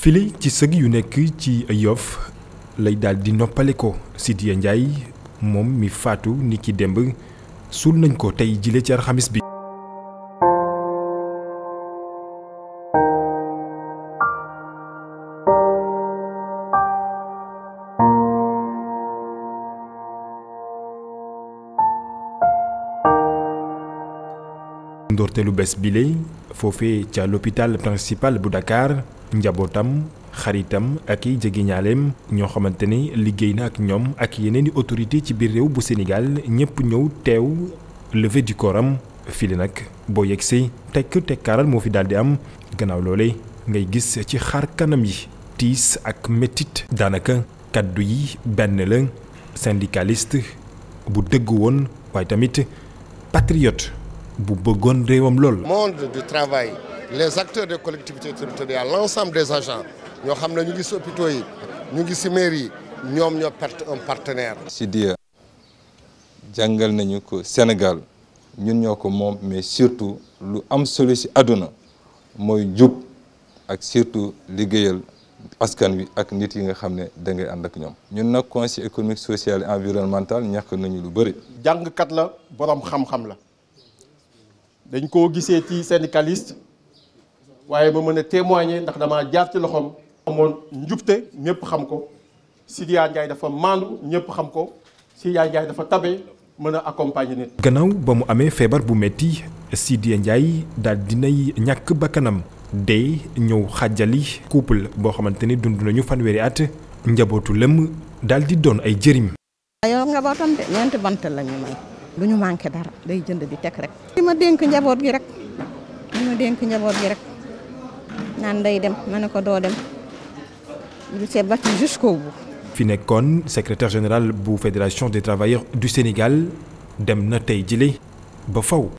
file ci sëg yu nekk ci Yoff lay daal di noppale ko Sidiya Ndiaye moom mi faatu ni ki démb suul nañ ko tey jile ci alxamis bi ndoorteelu bés bile foofee ca l'hôpital principal bu Dakar njabootam xaritam ak i jegeñaaleem ñoo xamante ne liggéey na ak ñoom ak yeneen i autorité ci biir réew bu Sénégal ñëpp ñëw teew levée du corps am file nag boo yegsee tekk tekkaaral moo fi daal di am gannaaw loole ngay gis ci xar kanam yi tiis ak metit daanaka kaddu yi benn la syndicaliste bu dëgg woon waaye tamit patriote bu bëggoon réewam lool. monde du travail les acteurs des collectivités territoriales l'ensemble des agents ñoo xam ne ñu ngi si yi ñu ngi si mairie yi ñoom ñoo perte un partenaire. Sidya jàngal nañu ko Sénégal ñun ñoo ko moom mais surtout lu am solo si àdduna mooy jub ak surtout liggéeyal. askan wi ak nit yi nga xam ne da ànd ak ñoom ñun nag conseil économique social et environnemental ñàkk nañu lu bëri jàngkat la boroom xam-xam la dañ koo gisee ci syndicaliste waaye ma mën a témoigner ndax damaa jaar ci loxoom. amoon njubte ñëpp xam ko Sidya Ndiaye dafa maandu ñëpp xam ko Sidya Ndiaye dafa tabe mën a accompagner nit. gannaaw ba mu amee feebar bu metti Sidya Ndiaye daal dinay ñàkk bakkanam de ñëw xàjjali couple boo xamante ni dund nañu fanweeri at njabootu lëmm daal di doon ay jëriñ. du ñu manqué dara day jënd di teg rek. li ma dénk njaboot gi rek li ma dénk njaboot gi rek naan day dem ma ne ko doo dem il s'est battu jusqu'au fi nekkoon secretaire général bu fédération des travailleurs du Sénégal dem na tey jile ba faw